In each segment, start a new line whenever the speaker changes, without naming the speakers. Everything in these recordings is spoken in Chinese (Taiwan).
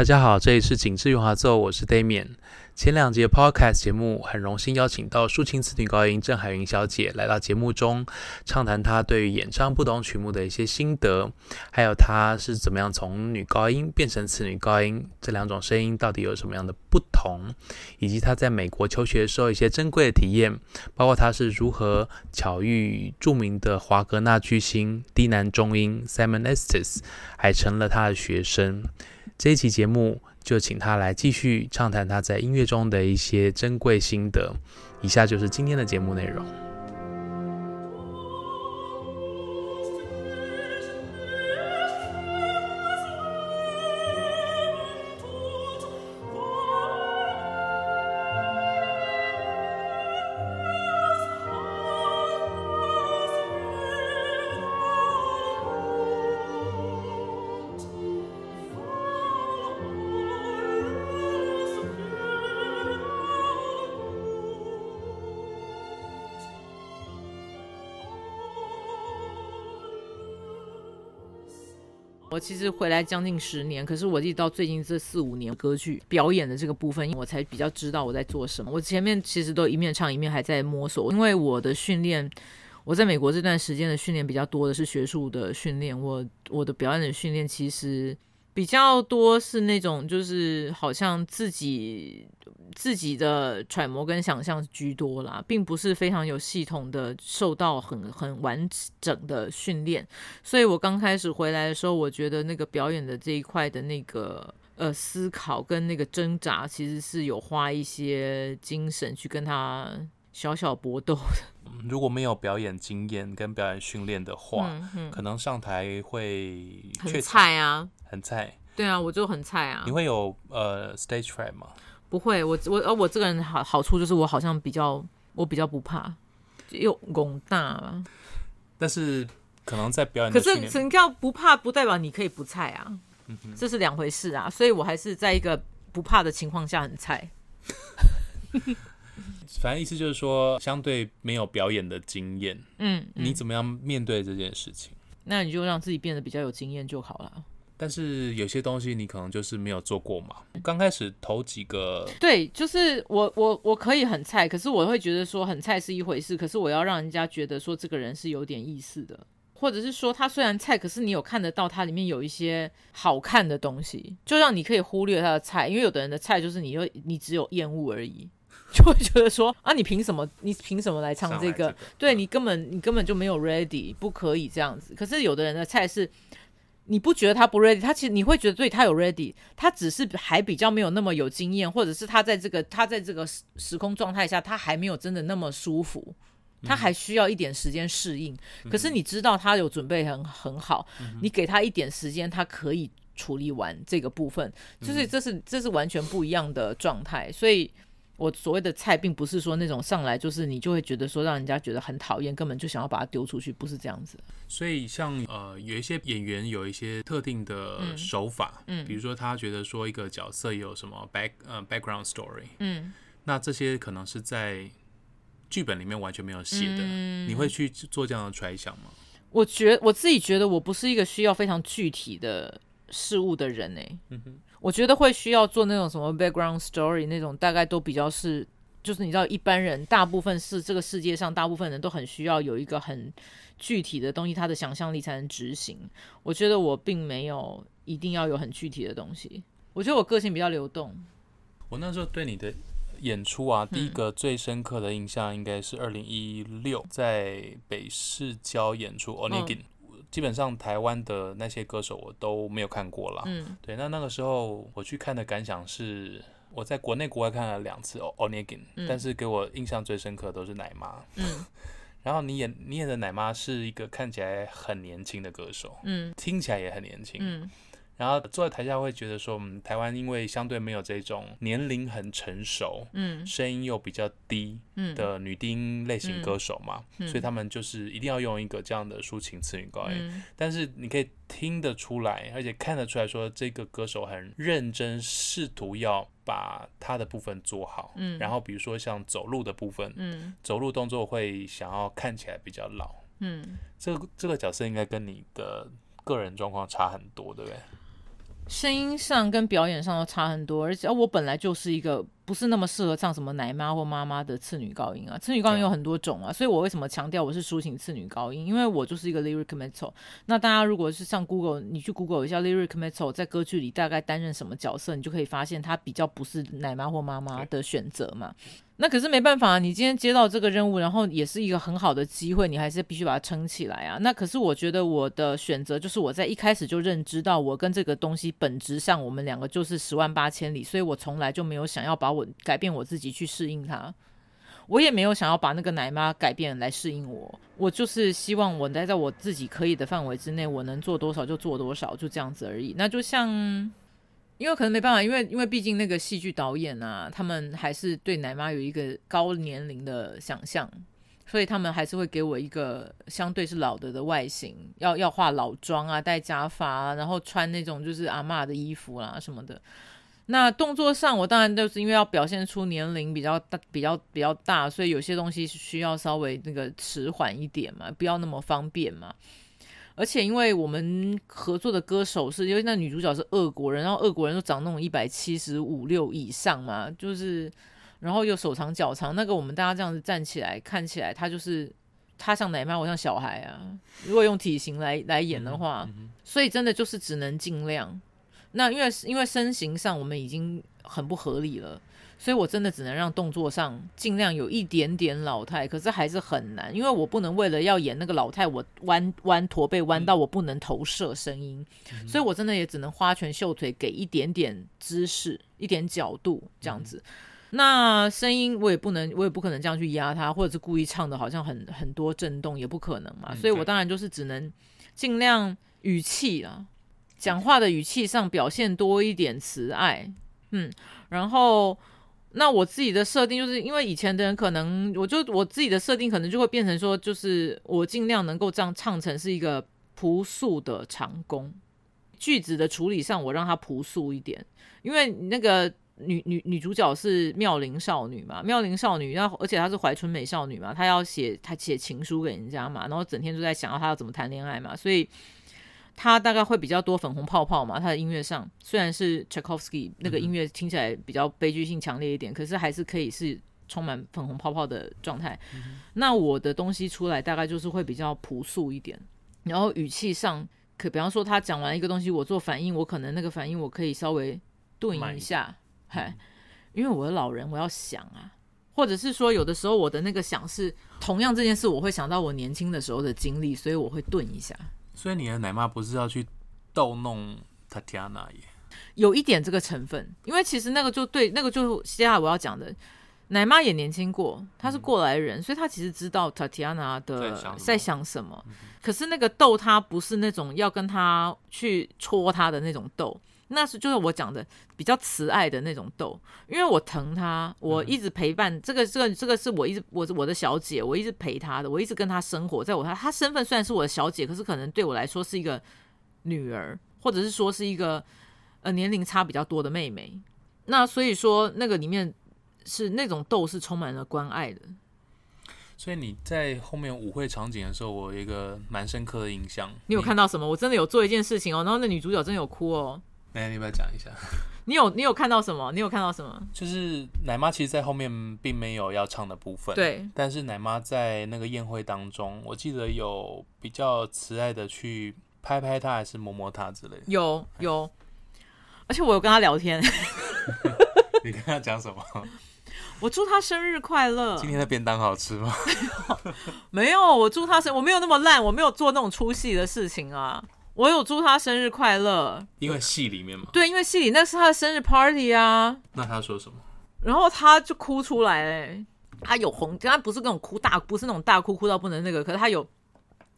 大家好，這裡是緊緻圓滑奏，我是 Damian。前兩節 podcast 節目很榮幸邀請到抒情次女高音鄭海芸小姐來到節目中，暢談她對於演唱不同曲目的一些心得，還有她是怎麼樣從女高音變成次女高音，這兩種聲音到底有什麼樣的不同，以及她在美國求學的時候一些珍貴的體驗，包括她是如何巧遇著名的華格納巨星低男中音 Simon Estes，還成了她的學生。這一期節目就請他來繼續暢談他在音樂中的一些珍貴心得。以下就是今天的節目內容。
其實回來將近十年，可是我一直到最近這四五年歌劇表演的這個部分，我才比較知道我在做什麼。我前面其實都一面唱一面還在摸索，因為我的訓練，我在美國這段時間的訓練比較多的是學術的訓練，我我的表演的訓練其實。比較多是那種，就是好像自己自己的揣摩跟想象居多啦，並不是非常有系統的受到很很完整的訓練，所以我剛開始回來的時候，我覺得那個表演的這一塊的那個呃，思考跟那個掙扎，其實是有花一些精神去跟他。小小搏鬥，
如果沒有表演經驗跟表演訓練的話，嗯嗯、可能上台會很菜啊，很菜。
對啊，我就很菜啊。你
會有呃 stage fright 嗎？
不會，我我我這個人好好處就是我好像比較我比較不怕，又拱大了。啊、
但是可能在表演的可是
只要不怕，不代表你可以不菜啊，嗯、哼這是兩回事啊。所以我還是在一個不怕的情況下很菜。
反正意思就是說，相對沒有表演的經驗。嗯，嗯，你怎麼樣面對這件事情？
那你就讓自己變得比較有經驗就好了。
但是有些東西你可能就是沒有做過嘛，剛開始頭幾個，
對，就是我我我可以很菜，可是我會覺得說很菜是一回事，可是我要讓人家覺得說這個人是有點意思的，或者是說他雖然菜，可是你有看得到他裡面有一些好看的東西，就讓你可以忽略他的菜，因為有的人的菜就是你會你只有厭惡而已。就會覺得說啊，你憑什麼？你憑什麼來唱這個？這個、對，你根本你根本就沒有 ready，不可以這樣子。可是有的人的菜是，你不覺得他不 ready，他其實你會覺得對他有 ready，他只是還比較沒有那麼有經驗，或者是他在這個他在這個時空狀態下，他還沒有真的那麼舒服，他還需要一點時間適應。嗯、哼可是你知道他有準備很很好，嗯、哼你給他一點時間，他可以處理完這個部分。就是這是這是完全不一樣的狀態，所以。我所謂的菜，並不是說那種上來就是你就會覺得說讓人家覺得很討厭，根本就想要把它丟出去，不是這樣子。
所以像呃，有一些演員有一些特定的手法，嗯，嗯，比如說他覺得說一個角色有什麼 back 呃、uh, background story，嗯，那這些可能是在劇本裡面完全沒有寫的，嗯、你會去做這樣的揣想
嗎？我覺我自己覺得我不是一個需要非常具體的事物的人。哎、欸，嗯哼。我覺得會需要做那種什麼 background story 那種，大概都比較是，就是你知道，一般人大部分是這個世界上大部分人都很需要有一個很具體的東西，他的想象力才能執行。我覺得我並沒有一定要有很具體的東西，我覺得我個性比較流動。
我那時候對你的演出啊，第一個最深刻的印象應該是二零一六在北市交演出 Onegin。基本上台灣的那些歌手我都沒有看過啦。嗯，對，那那個時候我去看的感想是，我在國內國外看了兩次《奧涅金》，但是給我印象最深刻都是奶媽。嗯， 然後你演你演的奶媽是一個看起來很年輕的歌手，嗯，聽起來也很年輕。嗯。然後坐在台下會覺得說，嗯，台灣因為相對沒有這種年齡很成熟，嗯、聲音又比較低，的女低音類型歌手嘛，嗯嗯、所以他們就是一定要用一個這樣的抒情次女高音。嗯、但是你可以聽得出來，而且看得出來說，這個歌手很認真，試圖要把他的部分做好。嗯、然後比如說像走路的部分，嗯、走路動作會想要看起來比較老，嗯、這個這個角色應該跟你的個人狀況差很多，對不對？
聲音上跟表演上都差很多，而且我本來就是一個，不是那麼適合唱什麼奶媽或媽媽的次女高音啊，次女高音有很多種啊，Yeah. 所以我為什麼強調我是抒情次女高音？因為我就是一個 lyric mezzo。那大家如果是上 Google，你去 Google 一下 lyric mezzo 在歌劇裡大概擔任什麼角色，你就可以發現它比較不是奶媽或媽媽的選擇嘛。Yeah. 那可是沒辦法啊，你今天接到這個任務，然後也是一個很好的機會，你還是必須把它撐起來啊。那可是我覺得我的選擇就是我在一開始就認知到，我跟這個東西本質上我們兩個就是十萬八千里，所以我從來就沒有想要把我。改變我自己去適應它。我也沒有想要把那個奶媽改變來適應我，我就是希望我待在，在我自己可以的範圍之內，我能做多少就做多少，就這樣子而已。那就像，因為可能沒辦法，因為因為畢竟那個戲劇導演啊，他們還是對奶媽有一個高年齡的想象，所以他們還是會給我一個相對是老的的外形，要要化老妝啊，戴假髮啊，然後穿那種就是阿嬤的衣服啦、啊什麼的。那動作上，我當然就是因為要表現出年齡比較大，比較比較大，所以有些東西是需要稍微那個遲緩一點嘛，不要那麼方便嘛。而且因為我們合作的歌手是，因為那女主角是俄國人，然後俄國人都長那種一百七十五六以上嘛，就是，然後又手長腳長，那個我們大家這樣子站起來看起來，她就是她像奶媽，我像小孩啊。如果用體型來來演的話，所以真的就是只能盡量。那因為因為身形上我們已經很不合理了，所以我真的只能讓動作上儘量有一點點老態，可是還是很難，因為我不能為了要演那個老態，我彎彎駝背彎到我不能投射聲音，嗯、所以我真的也只能花拳繡腿給一點點姿勢、一點角度這樣子。嗯、那聲音我也不能，我也不可能這樣去壓它，或者是故意唱得好像很很多震動也不可能嘛，所以我當然就是只能儘量語氣啦講話的語氣上表現多一點慈愛，嗯，然後那我自己的設定就是因為以前的人可能，我就我自己的設定可能就會變成說，就是我盡量能夠這樣唱成是一個樸素的長工，句子的處理上我讓她樸素一點，因為那個女女女主角是妙齡少女嘛，妙齡少女，然後而且她是懷春美少女嘛，她要寫她寫情書給人家嘛，然後整天都在想要她要怎麼談戀愛嘛，所以。他大概會比較多粉紅泡泡嘛，他的音樂上雖然是 Tchaikovsky、嗯、那個音樂聽起來比較悲劇性強烈一點，可是還是可以是充滿粉紅泡泡的狀態。嗯、哼那我的東西出來大概就是會比較樸素一點，然後語氣上，可比方說他講完一個東西，我做反應，我可能那個反應我可以稍微頓一下，嗨買，因為我的老人，我要想啊，或者是說有的時候我的那個想是同樣這件事，我會想到我年輕的時候的經歷，所以我會頓一下。
所以你的奶媽不是要去逗弄塔提安娜也？
有一點這個成分，因為其實那個就對，那個就是接下來我要講的奶媽也年輕過，她是過來人，嗯、所以她其實知道塔提安娜的在想什麼。可是那個逗她不是那種要跟她去戳她的那種逗。那是就是我講的比較慈愛的那種逗，因為我疼她，我一直陪伴。這個這個這個是我一直，我是我的小姐，我一直陪她的，我一直，她我一直跟她生活在，我她她身份雖然是我的小姐，可是可能對我來說是一個女兒，或者是說是一個呃年齡差比較多的妹妹。那所以說那個裡面是那種逗是充滿了關愛的。
所以你在後面舞會場景的時候，我有一個蠻深刻的印象。你，你有
看到什麼？我真的有做一件事情哦，然後那女主角真的有哭哦。
奶、欸，你要不要講一下。
你有你有看到什麼？你有看到什麼？就是
奶媽其實，在後面並沒有要唱的部分。對。但是奶媽在那個宴會當中，我記得有比較慈愛的去拍拍她，還是摸摸她之類的。
有、嗯、有。而且我有跟她聊天。 你
跟她講什麼？
我祝她生日快樂。今天的
便當好吃嗎？
沒有，我祝她生日，我沒有那麼爛，我沒有做那種出戲的事情啊。我有祝他生日快樂，因
為戲裡面嘛。
對，因為戲裡那是他的生日 party 啊。
那他說什麼？
然後他就哭出來嘞，他有紅，但他不是那種哭大，不是那種大哭哭到不能那個，可是他有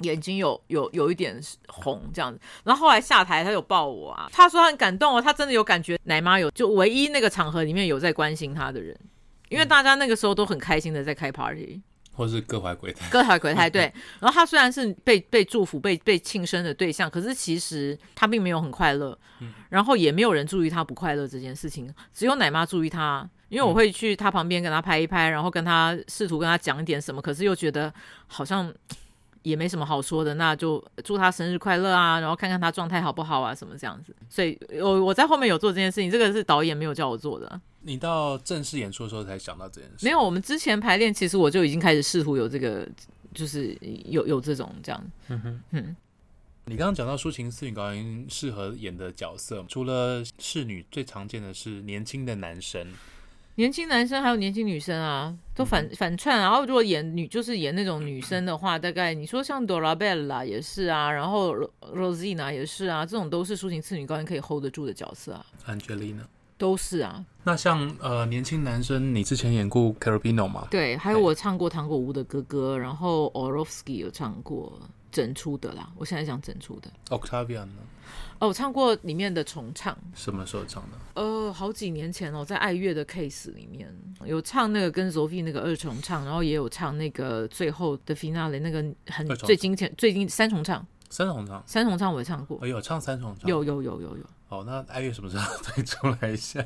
眼睛有有有一點紅這樣子。然後後來下台，他有抱我啊，他說他很感動哦，他真的有感覺，奶媽有就唯一那個場合裡面有在關心他的人，因為大家那個時候都很開心的在開 party，或是各懷鬼胎，各懷鬼胎，對。然後他雖然是被被祝福，被被慶生的對象，可是其實他並沒有很快樂，然後也沒有人注意他不快樂這件事情，只有奶媽注意他。因為我會去他旁邊跟他拍一拍，然後跟他試圖跟他講一點什麼，可是又覺得好像也沒什麼好說的，那就祝他生日快樂啊，然後看看他狀態好不好啊，什麼這樣子。所以，我我在後面有做這件事情，這個是導演沒有叫我做的。
你到正式演出的時候才想到這件
事？沒有，我們之前排練，其實我就已經開始試圖有這個，就是有有這種這樣。嗯哼，
嗯，你剛剛講到抒情次女高音適合演的角色，除了侍女，最常見的是年輕的男生。
年輕男生還有年輕女生啊，都反、嗯、哼反串、啊。然後如果演女，就是演那種女生的話，嗯、哼大概你說像 Dorabella 也是啊，然後 Rosina 也是啊，這種都是抒情次女高音可以 hold 得住的角色啊。
Angelina。都是啊，那像呃年輕男生，你之前演過 Cherubino 嗎？
對，還有我唱過《糖果屋》的哥哥，嘿然後 Orlovsky 有唱過整出的啦。我現在想整出的
Octavian 呢？哦，
我唱過裡面的重唱，什麼時候唱的？呃，好幾年前哦，在愛樂的 Case 裡面有唱那個跟 Zofi 那個二重唱，然後也有唱那個最後的 Finale 那個很重唱最經典、最近三重唱，三重
唱，三重唱，
三重唱我也唱過，
有、哎、唱三重唱，有，
有有有有
有。好、哦，那艾月什麼時候再出來一下？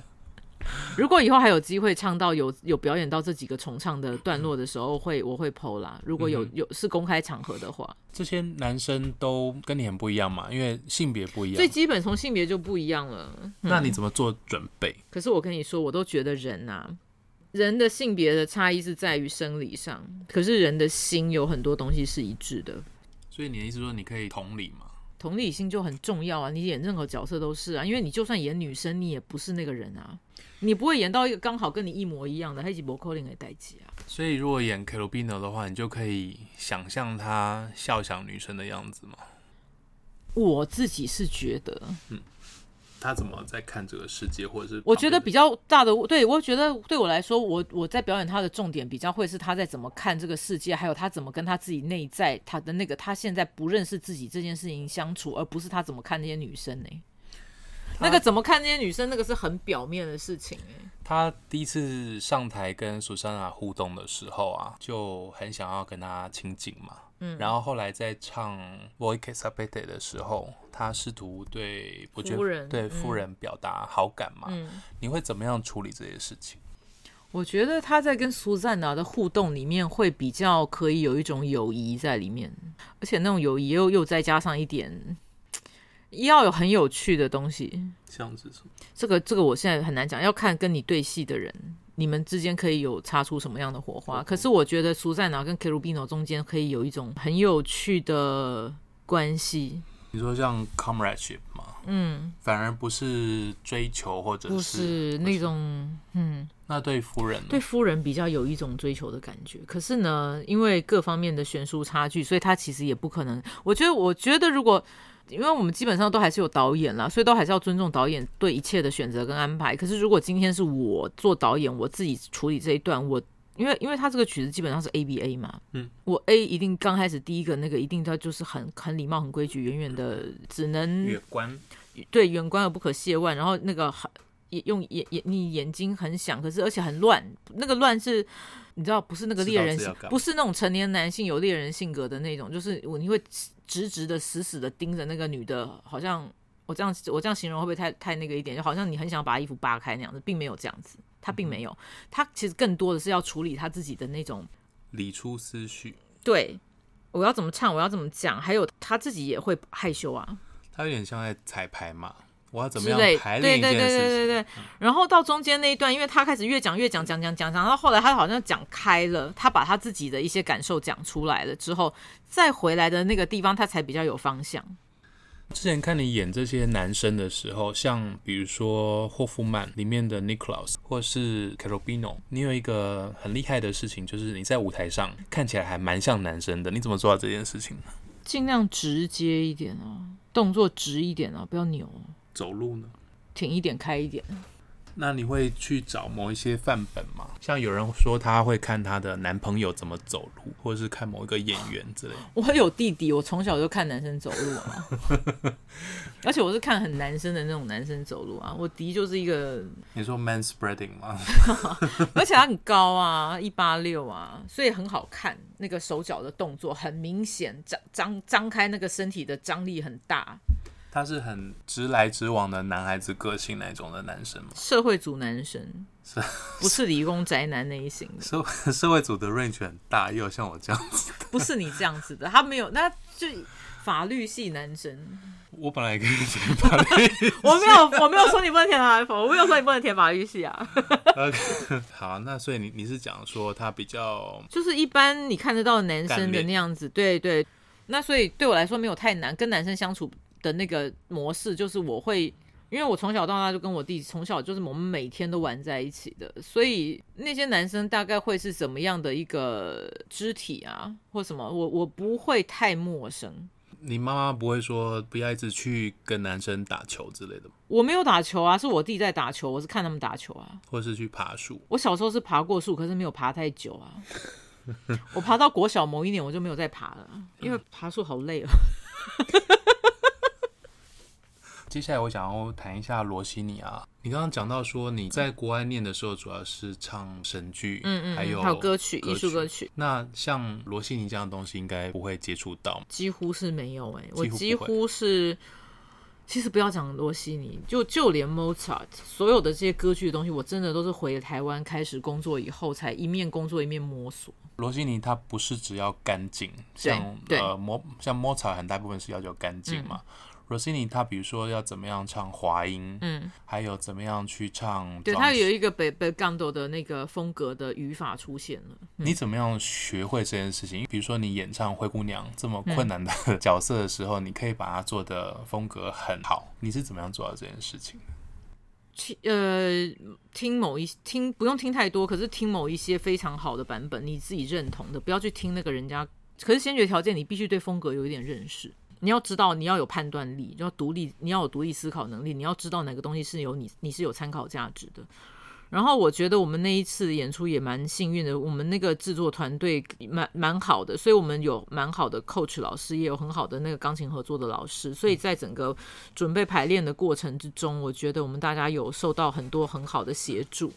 如果以後還有機會唱到有有表演到這幾個重唱的段落的時候，會我會 po 啦。如果有有是公開場合的話、嗯，這些男
生都跟你很不一樣嘛，因為性別不一樣，最基
本從性別就不一樣了。那你
怎麼做準
備、嗯？可是我跟你說，我都覺得人啊，人的性別的差異是在於生理上，可是人的心有很多東西是一致的。所以你的意
思說，你可以同理嘛？
同理心就很重要啊！你演任何角色都是啊，因為你就算演女生，你也不是那個人啊，你不會演到一個剛好跟你一模一樣的，黑係無可能的代誌啊。
所以如果演 Cherubino 的話，你就可以想象他笑想女生的樣子嗎？
我自己是覺得，嗯。
他怎麼在看這個世界，或者是我覺得
比較大的，對，我覺得對我來說，我我在表演他的重點比較會是他在怎麼看這個世界，還有他怎麼跟他自己內在他的那個他現在不認識自己這件事情相處，而不是他怎麼看那些女生呢。欸？他，那個怎麼看那些女生，那個是很表面的事情。欸。
他第一次上台跟蘇珊娜互動的時候啊，就很想要跟她親近嘛。然後後來在唱《Voi che sapete》的時候，他試圖對伯爵夫人對夫人表達好感嘛，嗯嗯、你會怎麼樣處理這些事情？
我覺得他在跟蘇珊娜的互動裡面會比較可以有一種友誼在裡面，而且那種友誼又又再加上一點要有很有趣的東西。這樣子是這個這個，這個、我現在很難講，要看跟你對戲的人。你們之間可以有擦出什麼樣的火花？嗯、可是我覺得蘇珊娜跟 Kerubino 中間可以有一種很有趣的關係。
你說像 comradeship 嗎？
嗯，
反而不是追求或者是不是
那種，或者，嗯，
那對夫人呢，
對夫人比較有一種追求的感覺。可是呢，因為各方面的懸殊差距，所以他其實也不可能。我覺得，我覺得如果因為我們基本上都還是有導演啦，所以都還是要尊重導演對一切的選擇跟安排。可是如果今天是我做導演，我自己處理這一段，我。因為，因為他這個曲子基本上是 A B A 嘛，嗯，我 A 一定剛開始第一個那個一定他就是很很禮貌、很規矩，遠遠的只能遠觀，對，遠觀而不可褻玩。然後那個很用眼眼你眼睛很想，可是而且很亂。那個亂是，你知道不是那個獵人，不是那種成年男性有獵人性格的那種，就是我你會直直的、死死的盯着那個女的，好像。我這樣我這樣形容會不會太太那個一點？就好像你很想把衣服扒開那樣子，並沒有這樣子，他並沒有，他其實更多的是要處理他自己的那種
理出思緒。
對我要怎麼唱，我要怎麼講，還有他自己也會害羞啊。
他有點像在彩排嘛，我要怎麼樣排練的？對對對對對對。
然後到中間那一段，因為他開始越講越講講講講講，到後來他好像講開了，他把他自己的一些感受講出來了之後，再回來的那個地方，他才比較有方向。
之前看你演這些男生的時候，像比如說《霍夫曼》裡面的 Niklaus 或是 Cherubino，你有一個很厲害的事情，就是你在舞台上看起來還蠻像男生的。你怎麼做到這件事情呢？
盡量直接一點啊，動作直一點啊，不要扭啊。
走路呢，
挺一點，開一點。
那你會去找某一些範本嗎？像有人說他會看他的男朋友怎麼走路，或者是看某一個演員之類
的。我有弟弟，我從小就看男生走路啊。 而且我是看很男生的那種男生走路啊。我弟就是一個，
你說 man spreading 嗎？
而且他很高啊，一八六啊，所以很好看。那個手腳的動作很明顯，張張張開那個身體的張力很大。
他是很直來直往的男孩子個性那種的男生嗎？
社會組男生是，不是理工宅男那一型的？社
社會組的 range 很大，又有像我這樣子，
不是你這樣子的。他沒有，那就法律系男生。
我本來也可以填法律。啊，
我沒有，我沒有說你不能填 F，我沒有說你不能填法律系啊。
好，那所以你你是講說他比較，
就是一般你看得到男生的那樣子，念對，對對。那所以對我來說沒有太難，跟男生相處。的那個模式就是，我會因為我從小到大就跟我弟從小就是我們每天都玩在一起的，所以那些男生大概會是怎麼樣的一個肢體啊，或什麼，我我不會太陌生。
你媽媽不會說不要一直去跟男生打球之類的嗎？
我沒有打球啊，是我弟在打球，我是看他們打球啊，
或是去爬樹。
我小時候是爬過樹，可是沒有爬太久啊。 我爬到國小某一年我就沒有再爬了，因為爬樹好累了啊。
接下來我想要談一下羅西尼啊。你剛剛講到說你在國外念的時候，主要是唱神劇，嗯嗯，還有歌曲、藝術歌曲。那像羅西尼這樣的東西，應該不會接觸到，
幾乎是沒有哎、欸。幾乎不會。我幾乎是，其實不要講羅西尼，就就連 Mozart 所有的這些歌劇的東西，我真的都是回台灣開始工作以後，才一面工作一面摸索。
羅西尼他不是只要乾淨，像對呃摸像 Mozart 很大部分是要求乾淨嘛。嗯。Rossini 他比如說要怎麼樣唱滑音，嗯，還有怎麼樣去唱，對，他有一
個貝貝甘多的那個風格的語法出現了。
嗯、你怎麼樣學會這件事情？比如說你演唱《灰姑娘》這麼困難的角色的時候，嗯、你可以把它做的風格很好。你是怎麼樣做到這件事情的？呃，
聽某一聽不用聽太多，可是聽某一些非常好的版本，你自己認同的，不要去聽那個人家。可是先決條件，你必須對風格有一點認識。你要知道，你要有判斷力，要獨立，你要有獨立思考能力。你要知道哪個東西是有你，你是有參考價值的。然後我覺得我們那一次演出也蠻幸運的，我們那個製作團隊蠻蠻好的，所以我們有蠻好的 coach 老師，也有很好的那個鋼琴合作的老師。所以在整個準備排練的過程之中，嗯、我覺得我們大家有受到很多很好的協助。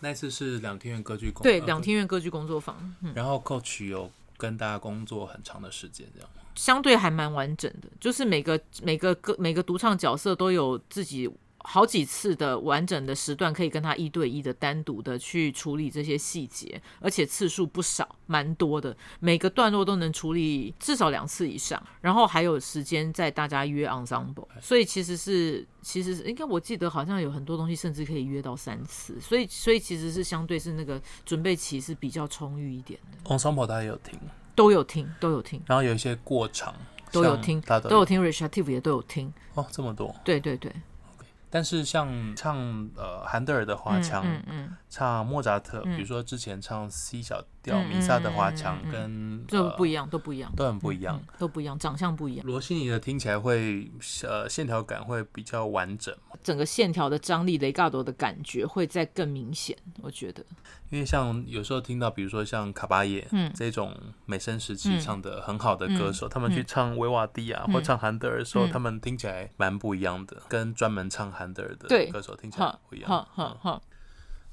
那次是兩廳院歌劇工作對啊，兩廳
院歌劇工作坊，嗯、
然後 coach 有跟大家工作很長的時間，這樣。
相對還蠻完整的，就是每個每個歌每個獨唱角色都有自己好幾次的完整的時段，可以跟他一對一的單獨的去處理這些細節，而且次數不少，蠻多的，每個段落都能處理至少兩次以上。然後還有時間在大家約 ensemble，所以其實是其實是應該我記得好像有很多東西甚至可以約到三次，所以所以其實是相對是那個準備期是比較充裕一點的
ensemble，大家有聽。
都有聽，都有聽，
然後有一些過場、嗯、都有聽，都有，都有
聽，Richard TV 也都有聽哦，這麼多，對對對，Okay,
但是像唱呃韓德爾的花腔、嗯，嗯嗯。唱莫扎特，比如說之前唱 C 小調彌撒的華強，跟就
不一樣，都不一樣，都很不一樣，都不一樣，長相不
一樣。羅西尼的聽起來會，呃，線條感會比較完整，
整個線條的張力，雷嘎多的感覺會再更明顯。我覺得，
因為像有時候聽到，比如說像卡巴耶這種美聲時期唱得很好的歌手，他們去唱維瓦蒂啊或唱韓德爾的時候，他們聽起來蠻不一樣的，跟專門唱韓德爾的歌手聽起來不一
樣。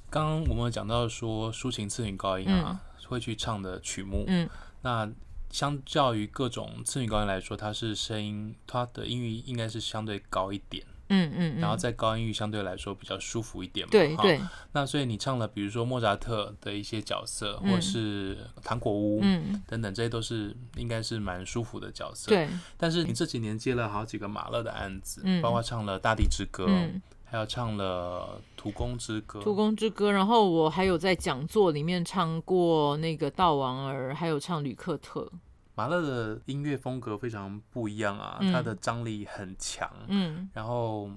剛剛我們講到說抒情次女高音啊，嗯、會去唱的曲目。嗯，那相較於各種次女高音來說，嗯、它，是聲音，它的音域應該是相對高一點。嗯嗯然後在高音域相對來說比較舒服一點嘛。對對。那所以你唱了比如說莫扎特的一些角色，嗯、或是糖果屋等等，這些都是應該是蠻舒服的角色。對、嗯。但是你這幾年接了好幾個馬勒的案子，嗯、包括唱了《大地之歌》嗯。還有唱了《徒工之歌》，《徒
工之歌》，然後我還有在講座裡面唱過那個《悼亡兒》，還有唱呂克特。
馬勒的音樂風格非常不一樣啊，嗯、他的張力很強，嗯，然後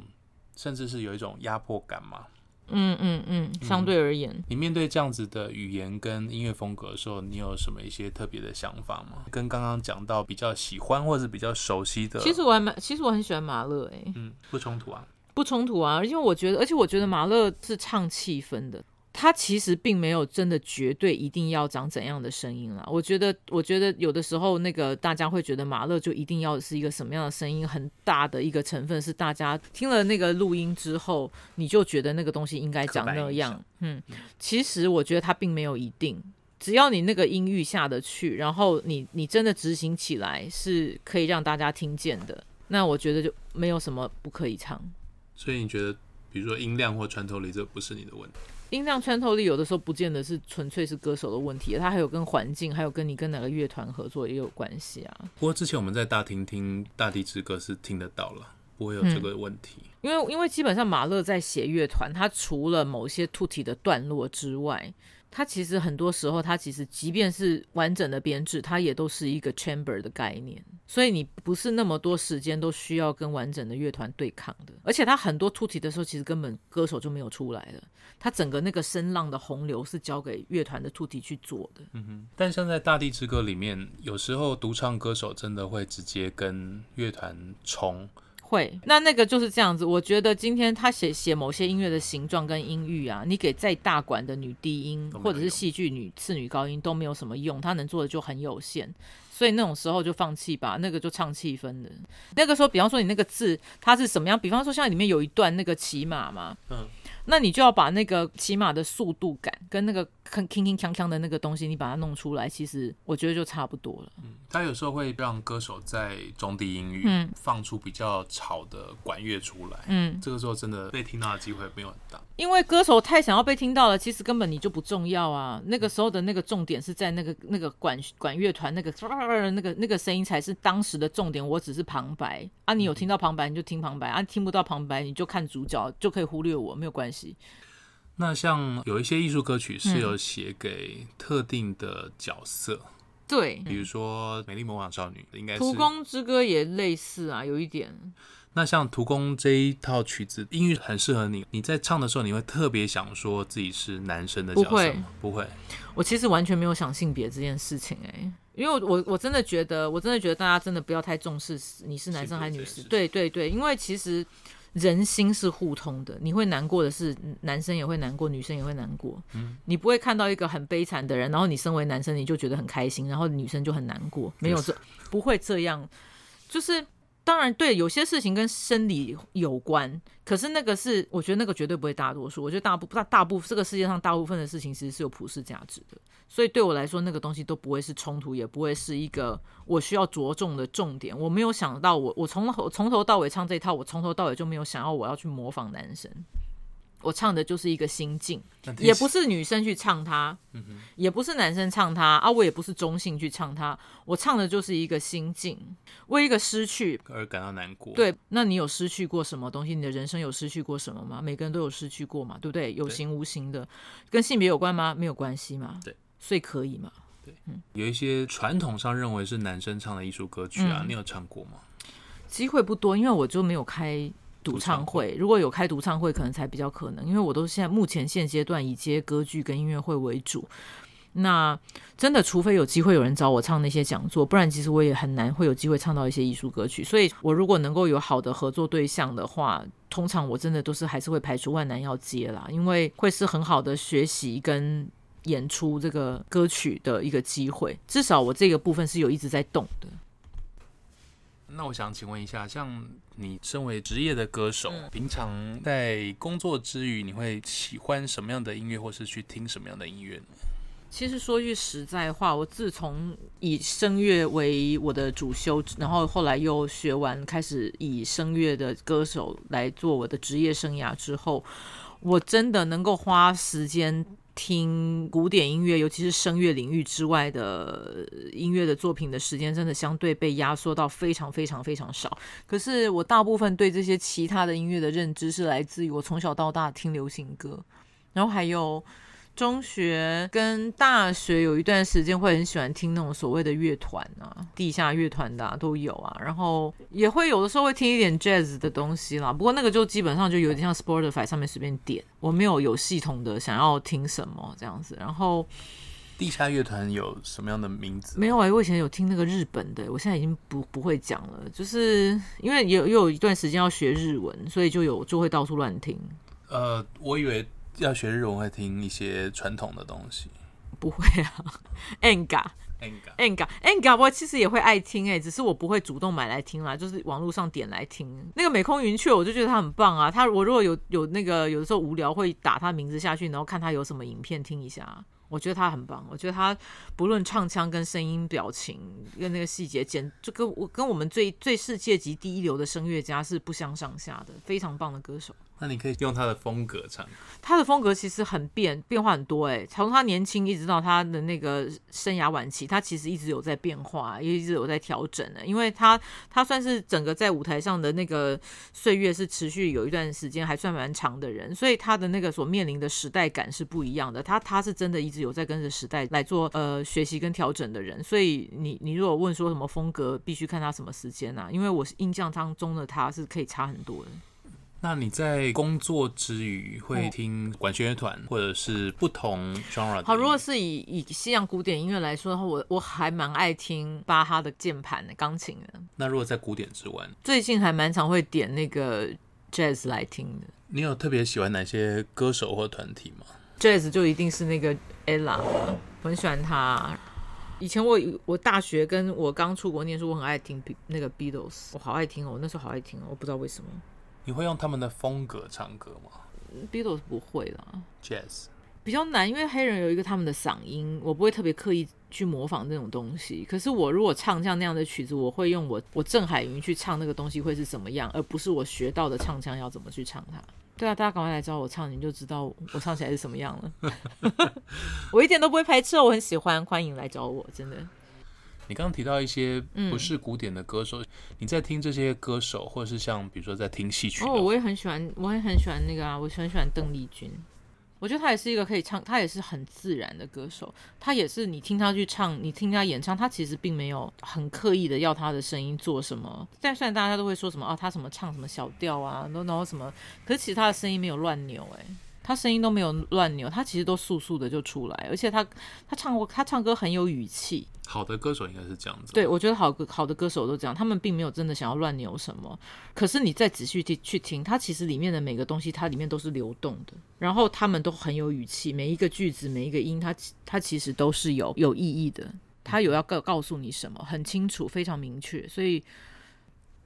甚至是有一種壓迫感嘛。嗯嗯嗯，相對而言、嗯，你面對這樣子的語言跟音樂風格的時候，你有什麼一些特別的想法嗎？跟剛剛講到比較喜歡或者比較熟悉的，其實我
還蠻，其實我很喜歡馬勒哎、欸，
嗯，不衝突啊。
不衝突啊，因為我覺得，而且我覺得馬勒是唱氣氛的，他其實並沒有真的絕對一定要長怎樣的聲音啦。我覺得，我覺得有的時候那個大家會覺得馬勒就一定要是一個什麼樣的聲音，很大的一個成分是大家聽了那個錄音之後，你就覺得那個東西應該長那樣。嗯，嗯其實我覺得他並沒有一定，只要你那個音域下得去，然後你你真的執行起來是可以讓大家聽見的，那我覺得就沒有什麼不可以唱。
所以你覺得，比如說音量或穿透力，這不是你的問題？
音量穿透力有的時候不見得是純粹是歌手的問題，它還有跟環境，還有跟你跟哪個樂團合作也有關係啊。
不過之前我們在大廳聽《大地之歌》是聽得到了，不會有這個問題。
嗯，因為因為基本上馬勒在寫樂團，他除了某些 tutti 的段落之外，它其實很多時候，它其實即便是完整的編制，它也都是一個 chamber 的概念，所以你不是那麼多時間都需要跟完整的樂團對抗的。而且它很多 tutti 的時候，其實根本歌手就沒有出來的。它整個那個聲浪的洪流是交給樂團的 tutti 去做的。
嗯哼。但像在《大地之歌》裡面，有時候獨唱歌手真的會直接跟樂團衝。
會，那那個就是這樣子。我覺得今天他寫寫某些音樂的形狀跟音域啊，你給再大管的女低音或者是戲劇女次女高音都沒有什麼用，他能做的就很有限。所以那種時候就放棄吧，那個就唱氣氛的。那個時候，比方說你那個字，它是什麼樣？比方說像裡面有一段那個騎馬嘛，嗯。那你就要把那個起碼的速度感跟那個鏗鏗鏗鏘的那個東西，你把它弄出來，其實我覺得就差不多了。嗯，
他有時候會讓歌手在中低音域放出比較吵的管樂出來。嗯，這個時候真的被聽到的機會沒有很大。
因為歌手太想要被聽到了，其實根本你就不重要啊。那個時候的那個重點是在那個那個管管樂團那個那個那個聲音才是當時的重點，我只是旁白啊。你有聽到旁白你就聽旁白啊，聽不到旁白你就看主角，就可以忽略我沒有關係。
那像有一些藝術歌曲是有寫給特定的角色，
對，比如
說《美麗磨坊少女》，應該是《徒工
之歌》也類似啊，有一點。
那像《徒工》這一套曲子，音樂很適合你。你在唱的時候，你會特別想說自己是男生的角色嗎？不會，不
會我其實完全沒有想性別這件事情、欸。哎，因為我我真的覺得，我真的覺得大家真的不要太重視你是男生還是女生。對對對，因為其實人心是互通的。你會難過的是男生也會難過，女生也會難過。嗯，你不會看到一個很悲慘的人，然後你身為男生你就覺得很開心，然後女生就很難過。就是、沒有這不會這樣，就是。當然對，對有些事情跟生理有關，可是那個是我覺得那個絕對不會大多數。我覺得大部大大部分這個世界上大部分的事情其實是有普世價值的，所以對我來說，那個東西都不會是衝突，也不會是一個我需要着重的重點。我沒有想到我我從我從頭到尾唱這一套，我從頭到尾就沒有想要我要去模仿男生。我唱的就是一個心境，也不是女生去唱它，嗯、哼也不是男生唱它啊，我也不是中性去唱它。我唱的就是一個心境，為一個失
去而感到難過。對，
那你有失去過什麼東西？你的人生有失去過什麼嗎？每個人都有失去過嘛，對不對？有形無形的，對跟性別有關嗎？沒有關係嘛？對，所以可以嘛？
對，有一些傳統上認為是男生唱的藝術歌曲啊，嗯、你有唱過嗎？
機會不多，因為我就沒有開。獨唱會，如果有開獨唱會，可能才比較可能，因為我都現在目前現階段以接歌劇跟音樂會為主。那真的除非有機會有人找我唱那些講座，不然其實我也很難會有機會唱到一些藝術歌曲。所以我如果能夠有好的合作對象的話，通常我真的都是還是會排除萬難要接啦，因為會是很好的學習跟演出這個歌曲的一個機會。至少我這個部分是有一直在動的。
那我想請問一下，像你身為職業的歌手，平常在工作之餘，你會喜歡什麼樣的音樂，或是去聽什麼樣的音樂呢？
其實說句實在話，我自從以聲樂為我的主修，然後後來又學完，開始以聲樂的歌手來做我的職業生涯之後，我真的能夠花時間。聽古典音樂，尤其是聲樂領域之外的音樂的作品的時間，真的相對被壓縮到非常非常非常少。可是我大部分對這些其他的音樂的認知，是來自於我從小到大聽流行歌，然後還有。中學跟大學有一段時間會很喜歡聽那種所謂的樂團啊，地下樂團的、啊、都有啊，然後也會有的時候會聽一點 jazz 的東西啦。不過那個就基本上就有點像 Spotify 上面隨便點，我沒有有系統的想要聽什麼這樣子。然後地下樂團有什麼樣的名字？沒有哎、啊，我以前有聽那個日本的，我現在已經不不會講了，就是因為有有一段時間要學日文，所以就有就會到處亂聽。
呃，我以為。要學日文會聽一些傳統的東西，
不會啊。enga enga enga enga，我其實也會愛聽誒、欸，只是我不會主動買來聽啦，就是網絡上點來聽。那個美空雲雀，我就覺得他很棒啊。他我如果有有那個有的時候無聊會打他名字下去，然後看他有什麼影片聽一下，我覺得他很棒。我覺得他不論唱腔跟聲音表情跟那個細節，簡就跟我跟我們最最世界級第一流的聲樂家是不相上下的，非常棒的歌手。
那你可以用他的風格唱。
他的風格其實很變，變化很多欸，從他年輕一直到他的那個生涯晚期，他其實一直有在變化，也一直有在調整的。因為他，他算是整個在舞台上的那個歲月是持續有一段時間還算蠻長的人，所以他的那個所面臨的時代感是不一樣的。他，他是真的一直有在跟着時代來做呃學習跟調整的人。所以你，你如果問說什麼風格，必須看他什麼時間啊？因為我是印象當中的他是可以差很多的。
那你在工作之餘會聽管弦樂團或者是不同 genre？好，
如果是以以西洋古典音樂來說的話，我我還蠻愛聽巴哈的鍵盤，鋼琴的。
那如果在古典之外，
最近還蠻常會點那個 jazz 來聽的。
你有特別喜歡哪些歌手或團體嗎
？Jazz 就一定是那個 Ella，我很喜歡他。以前我我大學跟我剛出國念書，我很愛聽那個 Beatles，我好愛聽哦，我那時候好愛聽哦，我不知道為什麼。你會用他們的風格唱歌嗎？Beatles 不會啦，Jazz 比較難，因為黑人有一個他們的嗓音，我不會特別刻意去模仿那種東西。可是我如果唱像那樣的曲子，我會用我我鄭海芸，去唱那個東西會是什麼樣，而不是我學到的唱腔要怎麼去唱它。對啊，大家趕快來找我唱，你就知道我，我唱起來是什麼樣了。 我一點都不會排斥，我很喜歡，歡迎來找我，真的。
你剛剛提到一些不是古典的歌手，嗯、你在聽這些歌手，或者是像比如說在聽戲曲。哦，
我也很喜歡，我也很喜歡那個啊，我很喜歡鄧麗君。我覺得她也是一個可以唱，她也是很自然的歌手。她也是你聽她去唱，你聽她演唱，她其實並沒有很刻意的要她的聲音做什麼。但雖然大家都會說什麼啊，她什麼唱什麼小調啊，然、no, 後、no, 什麼，可是其實她的聲音沒有亂扭哎、欸。他聲音都沒有亂扭，他其實都速速的就出來，而且他他唱過，他唱歌很有語氣。
好的歌手應該是這樣
子，對，我覺得好歌好的歌手都這樣，他們並沒有真的想要亂扭什麼。可是你再仔細去，去聽，他其實裡面的每個東西，它裡面都是流動的，然後他們都很有語氣，每一個句子，每一個音，他他其實都是有有意義的，嗯、他有要告告訴你什麼，很清楚，非常明確。所以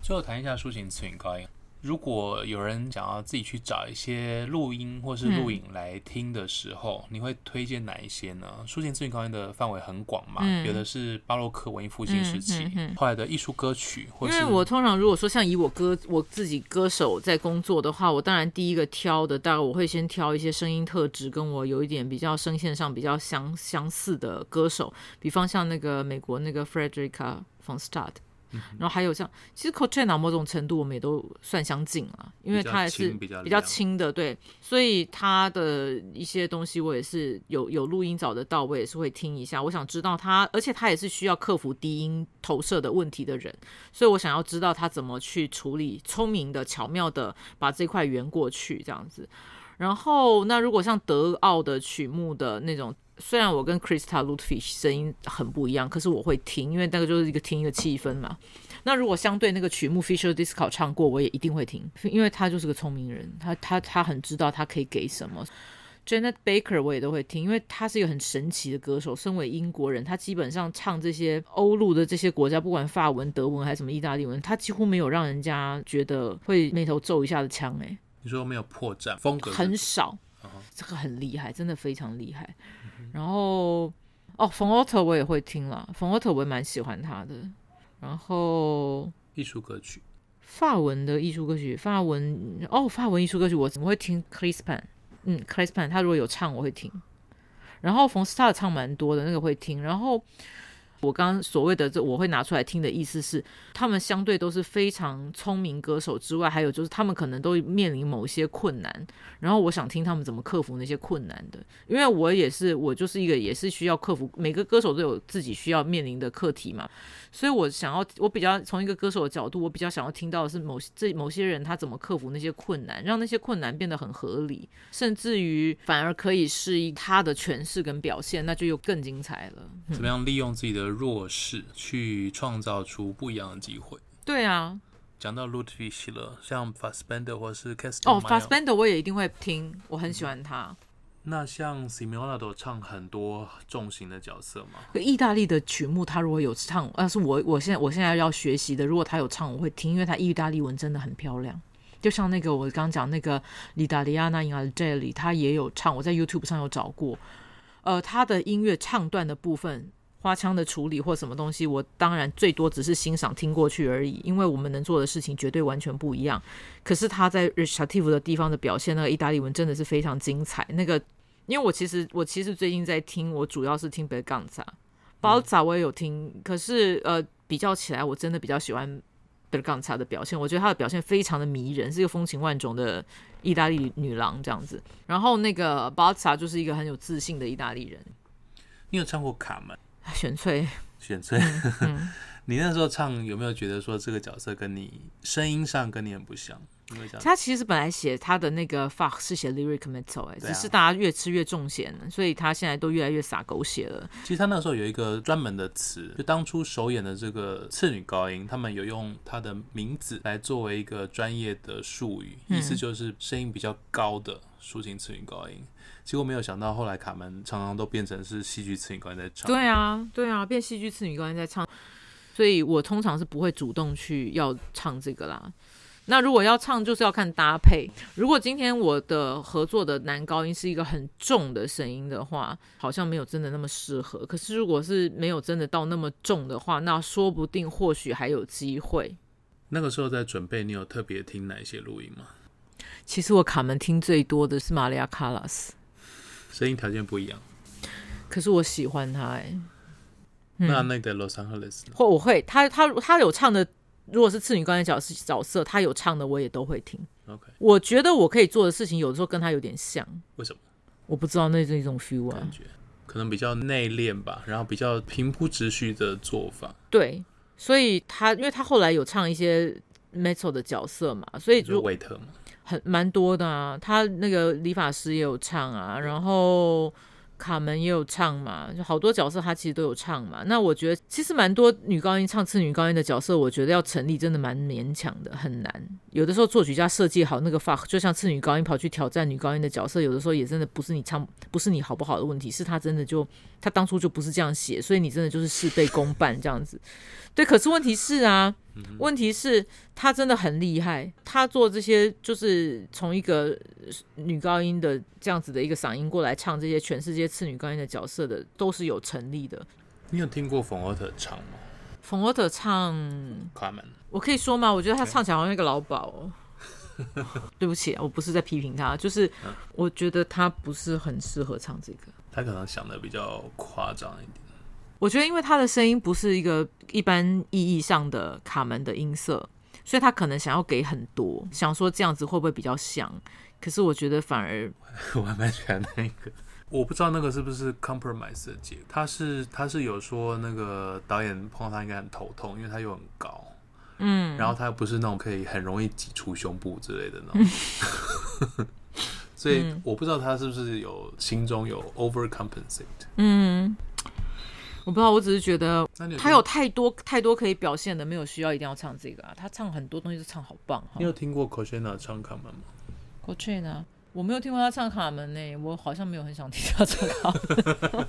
最後談一下抒情次女高音。如果有人想要自己去找一些錄音或是錄影來聽的時候，嗯、你會推薦哪一些呢？抒情、次女高音的範圍很廣嘛，有、嗯、的是巴洛克、文藝復興時期，嗯嗯嗯、後來的藝術歌曲，或是因為我
通常如果說像以我歌我自己歌手在工作的話，我當然第一個挑的，當然我會先挑一些聲音特質跟我有一點比較聲線上比較相相似的歌手，比方像那個美國那個 Frederica von Stade。 然後還有像，其實 Kožená 某種程度我們也都算相近了，啊，因為它也是比較輕的、的，對，所以它的一些東西我也是有有錄音找得到，我也是會聽一下。我想知道他，而且他也是需要克服低音投射的問題的人，所以我想要知道他怎麼去處理，聰明的、巧妙的把這塊圓過去這樣子。然後那如果像德奧的曲目的那種，雖然我跟 Christa Ludwig 聲音很不一樣，可是我會聽，因為那個就是一個聽一個氣氛嘛。那如果相對那個曲目 Fischer-Dieskau 唱過，我也一定會聽，因為他就是個聰明人，他他他很知道他可以給什麼。 Janet Baker 我也都會聽，因為他是一個很神奇的歌手，身為英國人，他基本上唱這些歐陸的這些國家，不管法文、德文還是什麼意大利文，他幾乎沒有讓人家覺得會眉頭皺一下的腔。誒，你
說沒有破綻，風格很，很
少，uh huh. 這個很厲害，真的非常厲害。然後，哦，馮奧特我也會聽了，馮奧特我也蠻喜歡他的。然後藝術歌曲，法文的藝術歌曲，法文哦，法文藝術歌曲我怎麼會聽？Chrispan，嗯，Chrispan，他如果有唱我會聽。然後馮斯塔的唱蠻多的，那個會聽。然後。我剛剛所謂的這，我會拿出來聽的意思是，他們相對都是非常聰明歌手之外，還有就是他們可能都面臨某些困難，然後我想聽他們怎麼克服那些困難的。因為我也是，我就是一個也是需要克服，每個歌手都有自己需要面臨的課題嘛，所以我想要，我比較從一個歌手的角度，我比較想要聽到的是某些這某某些人他怎麼克服那些困難，讓那些困難變得很合理，甚至於反而可以適應他的詮釋跟表現，那就又更精彩了。怎麼
樣利用自己的？弱勢去創造出不一樣的機會。對啊，講到 l u t o v i s i 了，像 Fassbender 或是 Cast 哦、oh，Fassbender
我也一定會聽，我很喜歡他。嗯、
那像 Simionato 唱很多重型的角色嗎？
意大利的曲目，他如果有唱，但、呃、是我我現在我現在要學習的，如果他有唱，我會聽，因為他意大利文真的很漂亮。就像那個我剛講那個 L'italiana in Algeri，elly, 他也有唱，我在 YouTube 上有找過，呃，他的音樂唱段的部分。花腔的處理或什麼東西，我當然最多只是欣賞聽過去而已，因為我們能做的事情絕對完全不一樣。可是他在 recitative 的地方的表現，那個意大利文真的是非常精彩。那個，因為我其實我其實最近在聽，我主要是聽 Berganza，Baltsa 我也有聽，可是呃比較起來，我真的比較喜歡 Berganza 的表現。我覺得他的表現非常的迷人，是一個風情萬種的意大利女郎這樣子。然後那個 Baltsa 就是一個很有自信的意大利人。你有唱過卡門？選翠、
啊，選翠。你那時候唱有沒有覺得說這個角色跟你聲音上跟你很不像？有有他其
實本來寫他的那個 Fach 是寫 lyric mezzo，哎、欸，啊、只是大家越吃越重鹹，所以他現在都越來越撒狗血了。其實
他那時候有一個專門的詞，就當初首演的這個次女高音，他們有用他的名字來作為一個專業的術語，嗯、意思就是聲音比較高的抒情次女高音。結果沒有想到，後來卡門常常都變成是戲劇次女高音在
唱。對啊，對啊，變戲劇次女高音在唱。所以我通常是不會主動去要唱這個啦。那如果要唱，就是要看搭配。如果今天我的合作的男高音是一個很重的聲音的話，好像沒有真的那麼適合。可是如果是沒有真的到那麼重的話，那說不定或許還有機會。
那個時候在準備，你有特別聽哪些錄音嗎？
其實我卡門聽最多的是瑪利亞卡拉斯。
聲音條件不一樣，
可是我喜歡他哎。那
那個羅桑和雷斯，
或、嗯、我會他他他有唱的，如果是次女高音角角色，他有唱的我也都會聽。OK，我覺得我可以做的事情，有的時候跟他有點像。為什麼？我不知道，那是一種 feel、啊、感覺，
可能比較內斂吧，然後比較平鋪直敘的做法。
對，所以他因為他後來有唱一些 mezzo 的角色嘛，所以如維特嘛。很蠻多的啊，他那個理髮師也有唱啊，然後卡門也有唱嘛，就好多角色他其實都有唱嘛。那我覺得其實蠻多女高音唱次女高音的角色，我覺得要成立真的蠻勉強的，很難。有的時候作曲家設計好那個 Fach，就像次女高音跑去挑戰女高音的角色，有的時候也真的不是你唱，不是你好不好的問題，是他真的就他當初就不是這樣寫，所以你真的就是事倍功半這樣子。 對，可是問題是啊，嗯、哼問題是她真的很厲害，她做這些就是從一個女高音的這樣子的一個嗓音過來唱這些全世界次女高音的角色的，都是有成立的。
你有聽過馮沃特唱嗎？
馮沃特唱，我，我可以說嗎？我覺得他唱起來好像一個老鴇哦。 對不起，我不是在批評他，就是我覺得他不是很適合唱這個。
他可能想的比較誇張一點。
我覺得，因為他的聲音不是一個一般意義上的卡門的音色，所以他可能想要給很多，想說這樣子會不會比較像？可是我覺得反而，我
還蠻喜歡那個。 我不知道那個是不是 compromise 的結果，他是他是有說那個導演碰到他應該很頭痛，因為他又很高，嗯，然後他又不是那種可以很容易擠出胸部之類的那種， 所以我不知道他是不是有心中有 overcompensate，
嗯。我不知道，我只是覺得他有太多太多可以表現的，沒有需要一定要唱這個啊。他唱很多東西都唱好棒。你
有聽過 Cochina 唱卡門嗎？
Cochina 我沒有聽過他唱卡門誒、欸，我好像沒有很想聽他唱卡
門。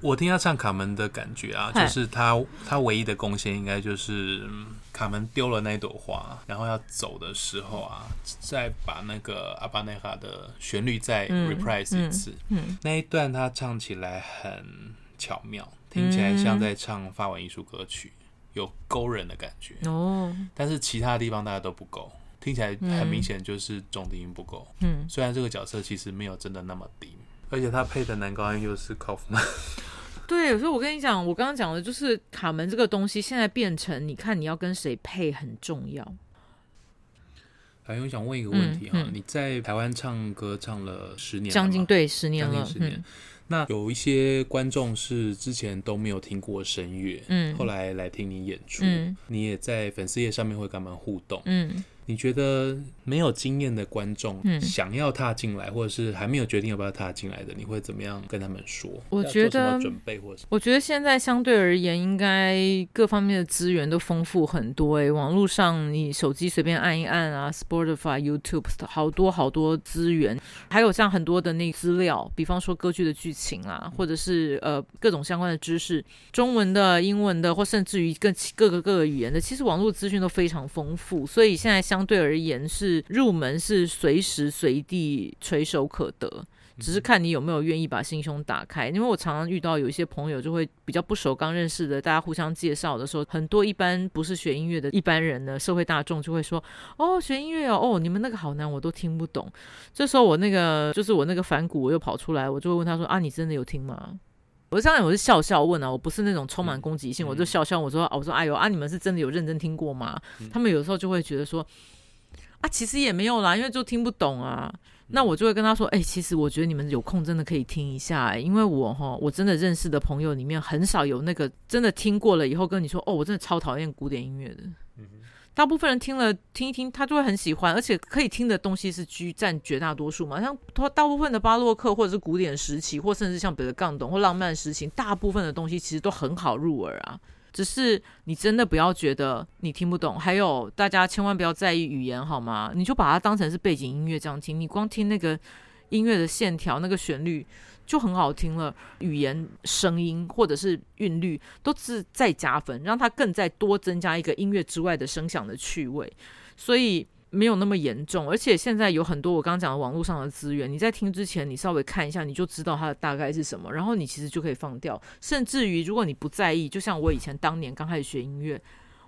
我聽他唱卡門的感覺啊，就是他他唯一的貢獻應該就是、嗯、卡門丟了那一朵花，然後要走的時候啊，再把那個阿巴內哈的旋律再 reprise 一次。嗯，嗯嗯那一段他唱起來很巧妙。聽起來像在唱法文藝術歌曲，有勾人的感覺哦。但是其他地方大家都不夠，聽起來很明顯就是中低音不夠。嗯，雖然這個角色其實沒有真的那麼低，而且他配的男高音又是 Kaufmann。
對，所以我跟你講，我剛剛講的就是卡門這個東西，現在變成你看你要跟誰配很重要。
還有想問一個問題啊，嗯嗯、你在台灣唱歌唱了十年了，將近
對十年了。
那有一些觀眾是之前都沒有聽過聲樂，嗯，後來來聽你演出，嗯、你也在粉絲頁上面會跟他們互動，嗯。你覺得沒有經驗的觀眾想要踏進來，或者是還沒有決定要不要踏進來的，你會怎麼樣跟他們說？我覺得準備或，
或者我覺得現在相對而言，應該各方面的資源都豐富很多，欸。哎，網絡上你手機隨便按一按啊，Spotify、YouTube，好多好多資源，還有像很多的那資料，比方說歌劇的劇情啊，或者是呃各種相關的知識，中文的、英文的，或甚至於各各個各個語言的，其實網絡資訊都非常豐富。所以現在像相對而言是入門是隨時隨地垂手可得，只是看你有沒有願意把心胸打開。因為我常常遇到有一些朋友就會比較不熟，剛認識的，大家互相介紹的時候，很多一般不是學音樂的一般人的社會大眾就會說：“哦，學音樂哦，哦，你們那個好難，我都聽不懂。”這時候我那個就是我那個反骨我又跑出來，我就會問他說：“啊，你真的有聽嗎？”我這樣，我是笑笑問啊，我不是那種充滿攻擊性，嗯嗯、我就笑笑我說我說哎呦啊，你們是真的有認真聽過嗎？嗯、他們有時候就會覺得說啊，其實也沒有啦，因為就聽不懂啊。嗯、那我就會跟他說，哎，欸，其實我覺得你們有空真的可以聽一下，欸，因為我哈，我真的認識的朋友裡面很少有那個真的聽過了以後跟你說，哦，我真的超討厭古典音樂的。嗯大部分人聽了聽一聽，他就會很喜歡，而且可以聽的東西是居占絕大多數嘛。像大部分的巴洛克或者是古典時期，或甚至像別的槓懂或浪漫時期，大部分的東西其實都很好入耳啊。只是你真的不要覺得你聽不懂，還有大家千萬不要在意語言好嗎？你就把它當成是背景音樂這樣聽，你光聽那個音樂的線條、那個旋律。就很好聽了，語言、聲音或者是韻律都是再加分，讓它更再多增加一個音樂之外的聲響的趣味，所以沒有那麼嚴重。而且現在有很多我剛剛講的網絡上的資源，你在聽之前你稍微看一下，你就知道它的大概是什麼，然後你其實就可以放掉。甚至於如果你不在意，就像我以前當年剛開始學音樂，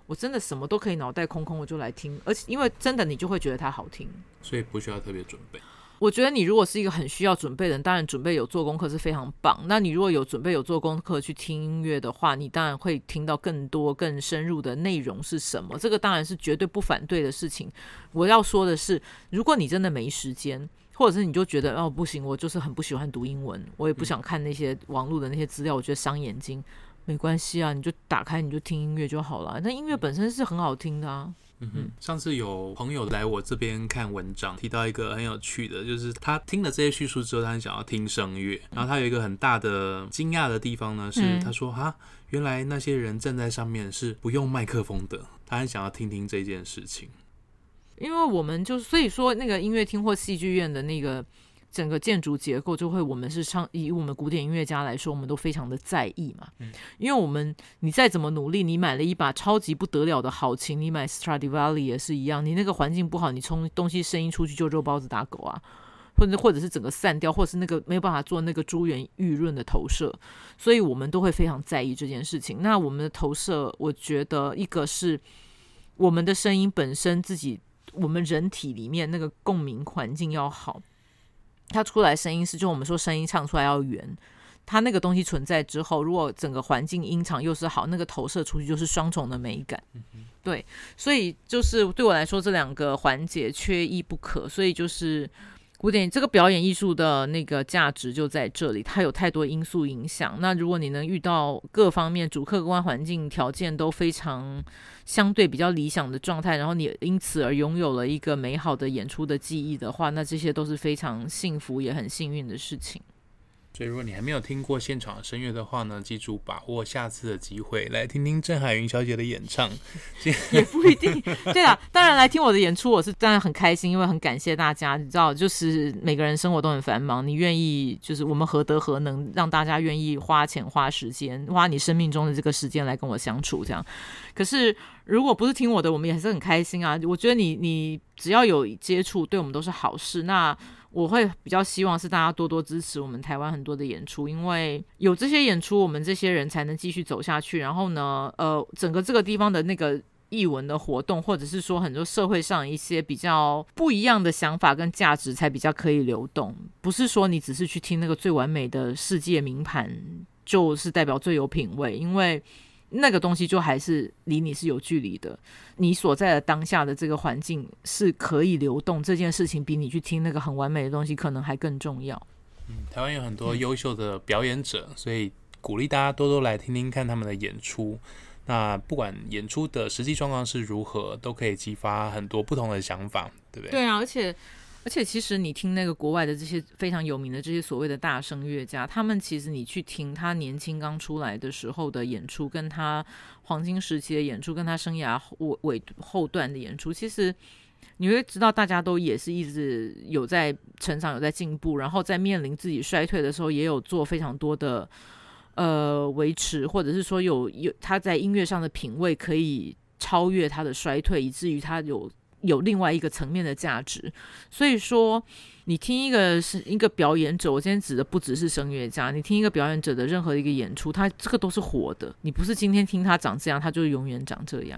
我真的什麼都可以，腦袋空空我就來聽，而且因為真的你就會覺得它好聽，
所以不需要特別準備。
我覺得你如果是一個很需要準備的人，當然準備有做功課是非常棒。那你如果有準備有做功課去聽音樂的話，你當然會聽到更多更深入的內容是什麼。這個當然是絕對不反對的事情。我要說的是，如果你真的沒時間，或者是你就覺得，哦不行，我就是很不喜歡讀英文，我也不想看那些網絡的那些資料，我覺得傷眼睛。沒關係啊，你就打開，你就聽音樂就好了。那音樂本身是很好聽的啊。嗯，
上次有朋友來我這邊看文章，提到一個很有趣的，就是他聽了這些敘述之後，他很想要聽聲樂。然後他有一個很大的驚訝的地方呢，是他說：“哈，原來那些人站在上面是不用麥克風的。”他很想要聽聽這件事情，
因為我們就是所以說那個音樂廳或戲劇院的那個。整個建築結構就會，我們是唱，以我們古典音樂家來說，我們都非常的在意嘛。嗯，因為我們你再怎麼努力，你買了一把超級不得了的好琴，你買 Stradivari 也是一樣，你那個環境不好，你從東西聲音出去就肉包子打狗啊，或者或者是整個散掉，或者是那個沒有辦法做那個珠圓玉潤的投射，所以我們都會非常在意這件事情。那我們的投射，我覺得一個是我們的聲音本身自己，我們人體裡面那個共鳴環境要好。它出來聲音是，就我們說聲音唱出來要圓，它那個東西存在之後，如果整個環境音場又是好，那個投射出去就是雙重的美感，嗯、哼對，所以就是對我來說這兩個環節缺一不可，所以就是。古典這個表演藝術的那個價值就在這裡，它有太多因素影響。那如果你能遇到各方面主客觀環境條件都非常相對比較理想的狀態，然後你因此而擁有了一個美好的演出的記憶的話，那這些都是非常幸福也很幸運的事情。
所以如果你還沒有聽過現場聲樂的話呢，記住把握下次的機會來聽聽鄭海芸小姐的演唱，也不一定。 對啊。
當然來聽我的演出，我是當然很開心，因為很感謝大家。你知道，就是每個人生活都很繁忙，你願意就是我們何德何能讓大家願意花錢花時間，花你生命中的這個時間來跟我相處這樣？可是如果不是聽我的，我們也是很開心啊。我覺得你你只要有接觸，對我們都是好事。那。我會比較希望是大家多多支持我們台灣很多的演出，因為有這些演出，我們這些人才能繼續走下去。然後呢，呃，整個這個地方的那個藝文的活動，或者是說很多社會上一些比較不一樣的想法跟價值，才比較可以流動。不是說你只是去聽那個最完美的世界名盤，就是代表最有品味，因為。那個東西就還是離你是有距離的，你所在的當下的這個環境是可以流動，這件事情比你去聽那個很完美的東西可能還更重要。嗯，
台灣有很多優秀的表演者，嗯，所以鼓勵大家多多來聽聽看他們的演出。那不管演出的實際狀況是如何，都可以激發很多不同的想法，對不對？對啊，
而且。而且，其實你聽那個國外的這些非常有名的這些所謂的大聲樂家，他們其實你去聽他年輕剛出來的時候的演出，跟他黃金時期的演出，跟他生涯尾尾後段的演出，其實你會知道，大家都也是一直有在成長，有在進步，然後在面臨自己衰退的時候，也有做非常多的呃維持，或者是說有有他在音樂上的品味可以超越他的衰退，以至於他有。有另外一個層面的價值，所以說你聽一個是一個表演者，我今天指的不只是聲樂家，你聽一個表演者的任何一個演出，他這個都是活的，你不是今天聽他長這樣，他就永遠長這樣。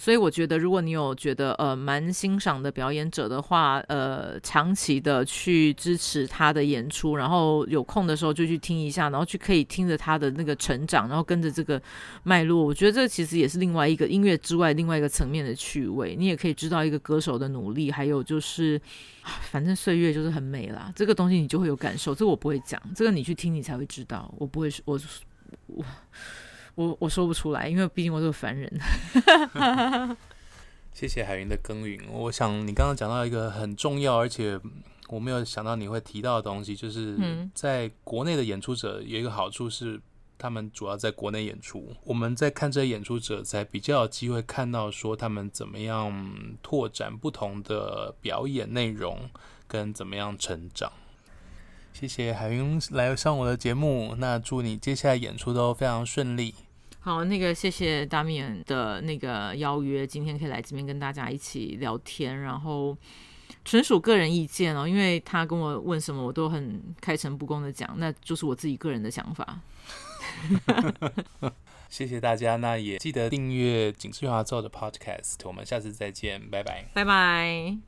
所以我覺得，如果你有覺得呃蠻欣賞的表演者的話，呃，長期的去支持他的演出，然後有空的時候就去聽一下，然後去可以聽着他的那個成長，然後跟着這個脈絡，我覺得這其實也是另外一個音樂之外另外一個層面的趣味。你也可以知道一個歌手的努力，還有就是，啊，反正歲月就是很美啦，這個東西你就會有感受。這個我不會講，這個你去聽你才會知道。我不會，我我。我我說不出來，因為畢竟我是個凡人。 謝謝
海芸的耕耘。我想你剛剛講到一個很重要，而且我沒有想到你會提到的東西，就是在國內的演出者有一個好處是，他們主要在國內演出，嗯、我們在看這些演出者才比較有機會看到說他們怎麼樣拓展不同的表演內容，跟怎麼樣成長。謝謝海芸來上我的節目，那祝你接下來演出都非常順利。
好，那個謝謝達米安的那個邀約，今天可以來這邊跟大家一起聊天。然後純屬個人意見哦，因為他跟我問什麼，我都很開誠布公的講，那就是我自己個人的想法。
謝謝大家，那也記得訂閱緊緻圓滑奏的 Podcast，我們下次再見，拜拜，
拜拜。